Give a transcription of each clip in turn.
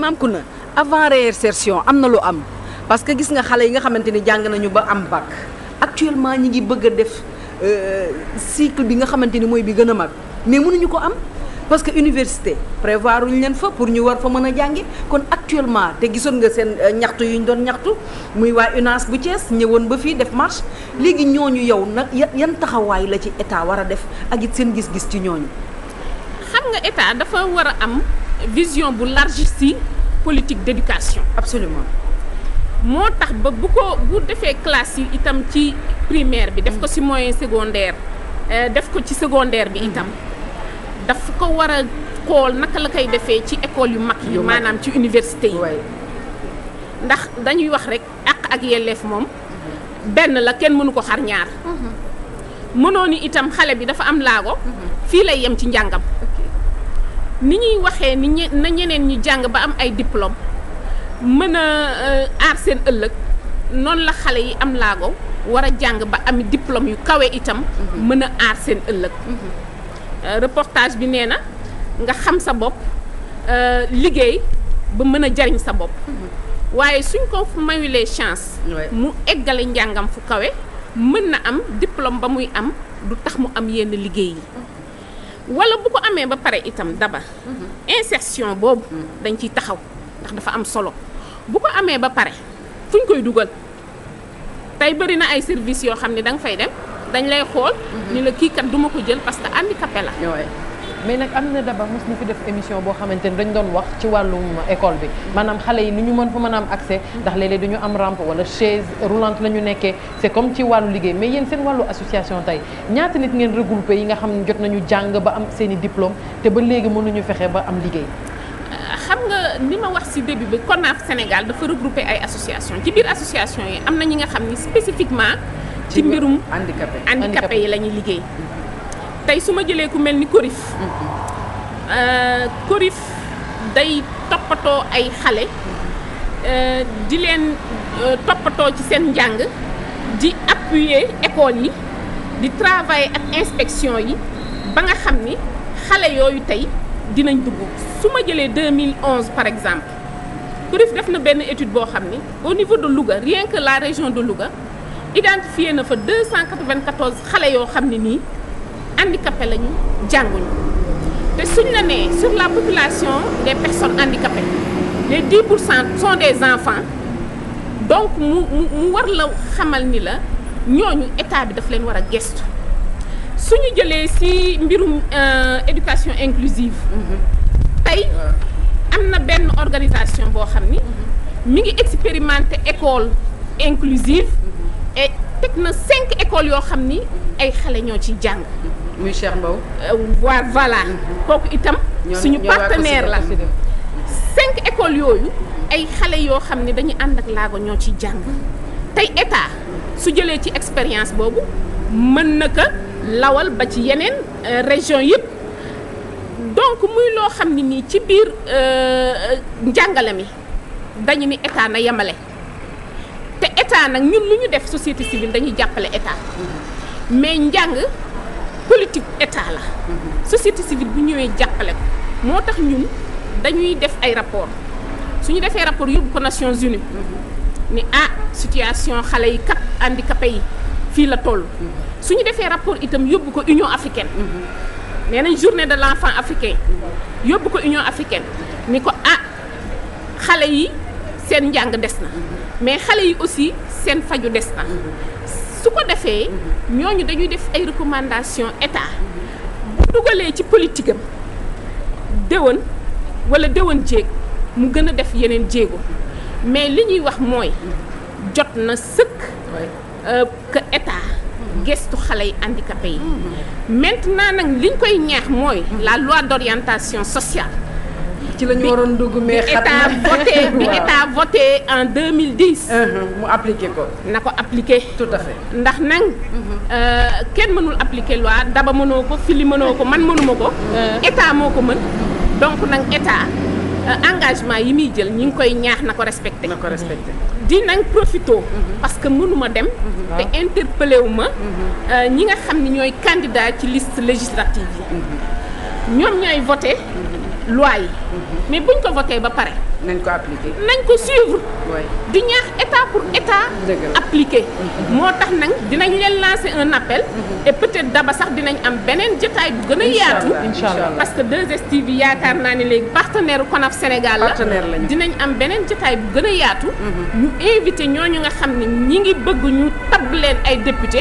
maam ku na avant réinsertion am na lu am parce que gis nga xale yi nga xamante ni jàng nañu ba am bac actuellement ñi ngi bëgg a def euh, cycle bi nga xamante ni mooy bi gën a mag mais mënuñu ko am parce que université prévoir uñu leen fa pour ñu war fa mën a jàngi kon actuellement te gisoon nga seen euh, ñaxtu yu ñu doon ñaxtu muy waa UNAS bu Thiès ñëwoon ba fii def marche léegi ñu yow nag yan taxawaay la ci état war a def ak it seen gis-gis ci ñooñu. xam am. vision bu large ci politique d'éducation. absolument moo tax ba bu ko bu defee classe yi itam ci primaire bi. def ko ci moyen secondaire euh, def ko ci secondaire bi mm-hmm. itam daf ko war a xool naka la koy defee ci école yu mag yu maanaam ci université yi. ndax dañuy wax rek àq ak yelleef moom mm-hmm. benn la kenn mënu ko xar ñaar. Mm-hmm. mënoo itam xale bi dafa am laago. fii lay yem ci njàngam. ni ñuy waxee ni na ñeneen ñi jàng ba am ay diplôme mën a euh, aar seen ëllëg noonu la xale yi am laago war a jàng ba am diplôme yu kawe itam mhm. mën a aar seen ëllëg mhm. euh, reportage bi nee na nga xam sa bopp euh, liggéey ba mën a jariñ sa bopp mhm. waaye suñ ko mayulee chance mu eggale njàngam fu kawe mën na am diplôme ba muy am du tax mu am yenn liggéey yi wala bu ko amee ba pare itam dabar mhm. insertion boobu mhm. dañ ciy taxaw ndax dafa am solo bu ko amee ba pare fu ñu koy dugal tey bëri na ay service yoo xam ne da fay dem dañ lay xool ñu mhm. la kii kat duma ko jël parce que handicapé la mais nag am na daba mos na fi def émission boo xamante ni dañ doon wax ci wàllum école bi maanaam xale yi ni ñu mën fa mën am accès ndax léeg dañu am rampe wala chaise roulante la ñu nekkee c'est comme ci wàllu liggéey mais yéen seen wàllu association tey ñaata nit ngeen regroupé yi nga xam ne jot nañu jàng ba am seen i te ba léegi mënuñu fexe ba am liggéey xam nga li ma wax ci début bi CONAF Sénégal dafa regroupé ay association ci biir association yi am na ñi nga xam ni spécifiquement ci mbirum handicapé handicapé yi la ñuy liggéey mm-hmm. tey su ma jëlee ku mel ni Corif Corif euh, day toppatoo ay xale euh, di leen euh, toppatoo ci seen njàng di appuyer école yi di travailler ak inspection yi ba nga xam ni xale yooyu tey dinañ dugg su ma jëlee 2011 par exemple Corif def na benn étude boo xam ni au niveau de Louga rien la région de Louga identifié na fa 294 xale yoo xam ne nii handicapé lañu jànguñu te suñ la nee sur la population des personnes handicapées les 10 pour cent sont des enfants donc mu mu war la xamal ni la ñooñu état bi daf leen war a gestu suñu jëlee ci mbirum euh, éducation inclusive tey am na benn organisation boo xam ni mi ngi expérimenté école inclusive et teg na cinq école yoo xam ni ay xale ñoo ciy jàng muy Cheikh Mbow. Euh, voilà kooku itam. suñu partenaire la cinq écoles yooyu. ay xale yoo xam ne dañuy ànd ak laago ñoo ci jàng tey état su jëlee ci expérience boobu mën na ko lawal ba ci yeneen euh, région yëpp donc muy loo xam ne nii ci biir euh, njàngale mi dañu ni état na yemale te état nag ñun lu ñu def société civile dañuy jàppale état mm-hmm. mais njàng politique état la société civile bu ñëwee jàppale ko moo tax ñun dañuy def ay rapport su ñu defee rapport yóbbu ko Nations Unies ni ah situation xale yi kat handicapé yi fii la toll su ñu defee rapport itam yóbbu ko Union africaine nee nañ journée de l'enfant africain yóbbu ko Union africaine ni ko ah xale yi seen njàng des na mais xale yi aussi seen faju des na su ko defee ñooñu dañuy def ay recommandation état bu dugalee ci politique am déwan wala déwan jéeg mu gën a def yeneen jéego mais li ñuy wax mooy jot na sëkk euh, que gestu xale yi handicapé yi maintenant nag liñ koy ñaax mooy la loi d'orientation sociale ci la ñu waroon dugg mais xat na bi état voté bi état voté en uh-huh. mu appliqué ko. na ko appliqué. tout à fait ndax nag. Uh-huh. Euh, kenn mënul appliqué loi daba mënoo ko fili mënoo ko man mënuma ko. Uh-huh. état moo ko mën. donc nag état euh, engagement yi muy jël ñi ngi koy ñaax na ko respecté. na ko respecté di nag profito. parce que mënuma dem. te interpellé euh, ñi nga xam ni ñooy candidat ci list législative yi. ñoom ñooy voté. loi yi. mais buñ ko voté ba pare. nañ ko appliqué nañ ko suivre. di ñaax état pour état. appliqué. Mm-hmm. moo tax nag dinañ leen lancer un appel. Mm-hmm. et peut-être daba sax dinañ am beneen jotaay bu gën a yaatu. parce que 2STV yaakaar naa ne léegi partenaire CONAF Sénégal la. dinañ am beneen jotaay bu gën a yaatu. Mm-hmm. ñu invité ñooñu nga xam ne ñi ngi bëgg ñu tabb leen ay député.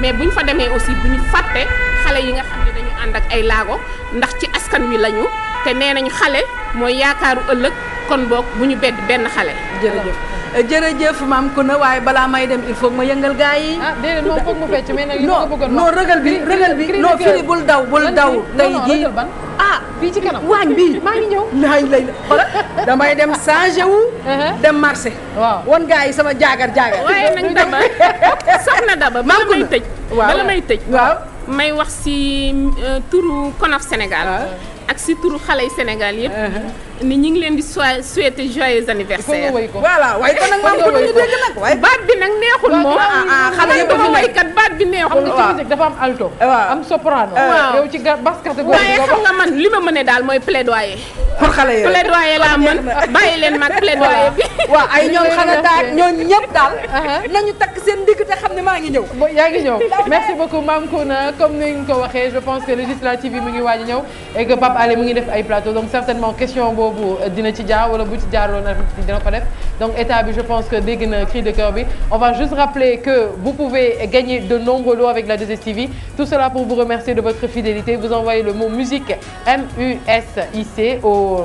mais buñ fa demee aussi bu ñu fàtte xale yi nga xam ne dañu ànd ak ay laago ndax ci askan wi lañu. te nee nañ xale mooy yaakaaru ëllëg kon boog bu ñu bedd benn xale. jërëjëf jërëjëf maam na waaye balaa may dem il faut ma yëngal gaa yi. ah déedéet moom foog mu fecc mais nag li ma bëggoon non rëgal bi rëgal bi non fii bul daw bul daw. tey jii ah fii ci kanam waañ bii maa ngi ñëw. naaj lay xoolal damay dem changé wu. Uh-huh. dem marché. waaw won gaa yi sama jaagar jaagar. waaye nag daba soxna daba. maam Kounda bala may tëj. waaw bala may tëj. waaw may wax si euh, turu Konaf Sénégal. ak si turu xale yi Sénégal yëpp. Uh-huh. ni ñu ngi leen di souhaiter joyeux anniversaire. voilà waaye kon nag maa ngi ñu nag. waaye baat bi nag neexul moom. Ah, ah, xale yi dafa waykat neexul. xam nga alto. am soprano. waaw yow ci basse catégorie waaye xam nga man li ma mënee daal mooy plaidoyer. pour xale yooyu plaidoyer laa bàyyi leen mag plaidoyer bi. waaw ay ñoom xanaa daal ñooñu ñëpp daal. Uh-huh. nañu takk seen ndigg te xam ne maa ngi ñëw. bo yaa ngi ñëw merci beaucoup Mame Kouna comme ni ñu ko waxee je pense que législative yi mu ngi waaj ñëw Pape Alé mu ngi def ay plateau donc certainement question boobu dina ci jaar wala bu ci jaarloon na dina ko donc état bi je pense que dégg na cri de cœur bi on va juste rappeler que vous pouvez gagner de nombreux lots avec la 2STV tout cela pour vous remercier de votre fidélité vous envoyez le mot musique M U S au